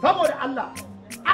saboda Allah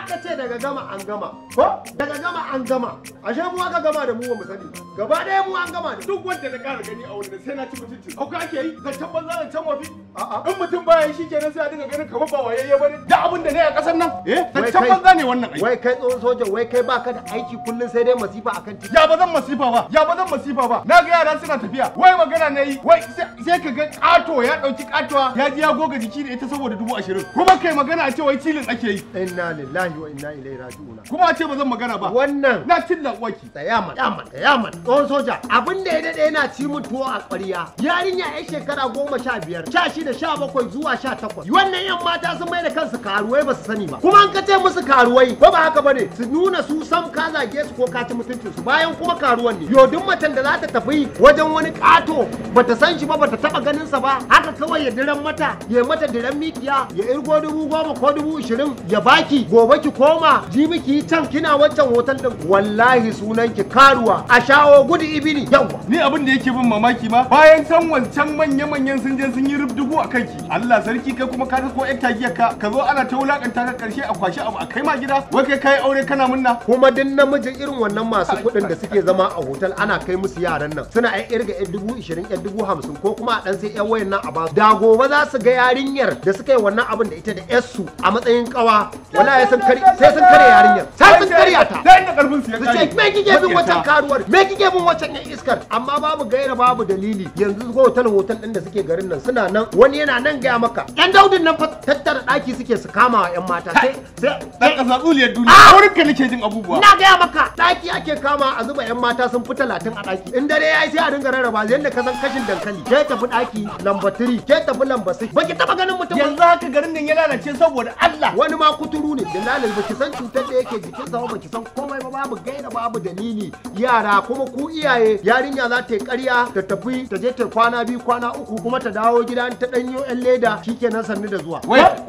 aka ce daga gama an gama ko daga gama an gama ashe mu aka gama da mu ba mu sani gaba ɗaya mu an gama da duk wanda na ƙara gani a wannan sai na ci mutunci akwai ake yi zancen banza zancen mafi a'a in mutum baya shi shikenan sai a dinga ganin kamar ba wayayye bane da abin da ne a ƙasar nan eh zancen banza ne wannan aiki wai kai tsohon soja wai kai baka da aiki kullun sai dai masifa akan titi ya ba zan masifa ba ya ba zan masifa ba na ga yara suna tafiya wai magana na yi wai sai ka ga kato ya ɗauki ƙatuwa ya ji ya goga jiki da ita saboda dubu ashirin kuma kai magana a ce wai cilin ake yi inna lillahi lillahi wa inna ilaihi raji'un kuma a ce ba zan magana ba wannan na cilla waki. tsaya mana tsaya mana soja abin da ya dade yana ci min tuwo a ƙwarya yarinya yan shekara goma sha biyar sha shida sha bakwai zuwa sha takwas wannan yan mata sun mai da kansu karuwai ba su sani ba kuma an ka ce musu karuwai ko ba haka ba ne su nuna su sam ka zage su ko ka ci mutuncin su bayan kuma karuwan ne yo duk macen da za ta tafi wajen wani kato bata san shi ba bata taba ganin sa ba haka kawai ya diran mata ya mata diran mikiya ya irgo dubu goma ko dubu ishirin ya baki gobe ki koma ji miki can kina wancan hotel din wallahi sunan ki karuwa a shawo gudu ibini yawa ni abin da yake bin mamaki ma bayan can wancan manya manyan sun je sun yi dubu a kanki Allah sarki kai kuma ka ko yar ka ka zo ana ta wulakanta ka karshe a kwashi abu a kai ma gida wai kai kai aure kana munna kuma duk namijin irin wannan masu kuɗin da suke zama a hotel ana kai musu yaran nan suna ai irga ƴan dubu ishirin ƴan dubu hamsin ko kuma a dan sai yan wayan nan a ba da gobe za su ga yarinyar da suka yi wannan abin da ita da yarsu a matsayin kawa wallahi sun kare sai sun kare yarinyar sai sun kare ta sai inda karfin su ya kare me kike bin wata karuwar me kike bin wancan iskar amma babu gaira babu dalili yanzu hotel hotel din da suke garin nan suna nan wani yana nan gaya maka yan daudin nan fa tattara daki suke su kama wa yan mata sai sai dan kasa tsuliyar duniya ah! a wurin ka nake jin abubuwa ina gaya maka daki ake kama a zuba yan mata sun fi talatin a daki in dare yayi sai a dinga rarraba yanda ka san kashin dankali ke tafi daki lamba 3 ke tafi lamba 6 baki taba ganin mutum yanzu haka garin nan ya lalace saboda Allah wani ma kuturu ne da alal baki san cutar da yake jikin sa baki san komai ba babu gaida babu dalili yara kuma ku iyaye yarinya za ta yi ƙarya ta tafi ta je ta kwana biyu kwana uku kuma ta dawo gida ta danyo yan leda shikenan sannu da zuwa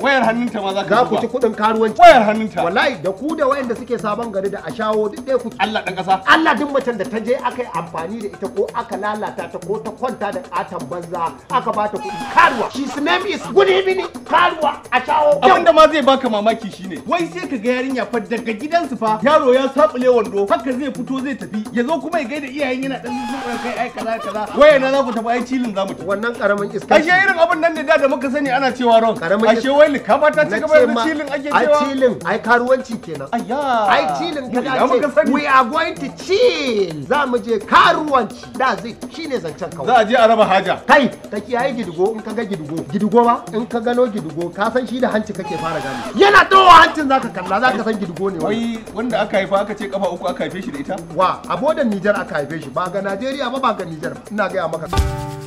wayar hannunta ma za ka ku ci kudin karuwanci wayar hannunta wallahi da ku da wayanda suke sabon gari da a shawo duk dai ku Allah dan kasa Allah duk macen da ta je aka yi amfani da ita ko aka lalata ta ko ta kwanta da atan banza aka ba ta kuɗi karuwa she's name is good evening karuwa a shawo abinda ma zai baka mamaki shine wai sai sai ka ga yarinya fa daga gidansu fa yaro ya sabule wando haka zai fito zai tafi ya zo kuma ya gaida iyayen yana dan zuwa kai ai kaza kaza waya na za ku tafi ai cilin za mu tafi wannan karamin iska ashe irin abin nan ne da da muka sani ana cewa ron karamin ashe wai likama ta ci gaba da cilin ake cewa ai cilin ai karuwanci kenan ayya ai cilin ka ce we are going to chill za mu je karuwanci da zai shine zancen kawai za a je a raba haja kai ta kiyaye gidigo in ka ga gidigo gidigo ba in ka gano gidigo ka san shi da hanci kake fara gani yana dawo hancin zaka kalla za ka san gidgo ne wai wanda aka haifa aka ce kafa uku aka haife shi da ita wa a bodan Nijar aka haife shi ba ga Najeriya ba ba ga Nijar ina gaya maka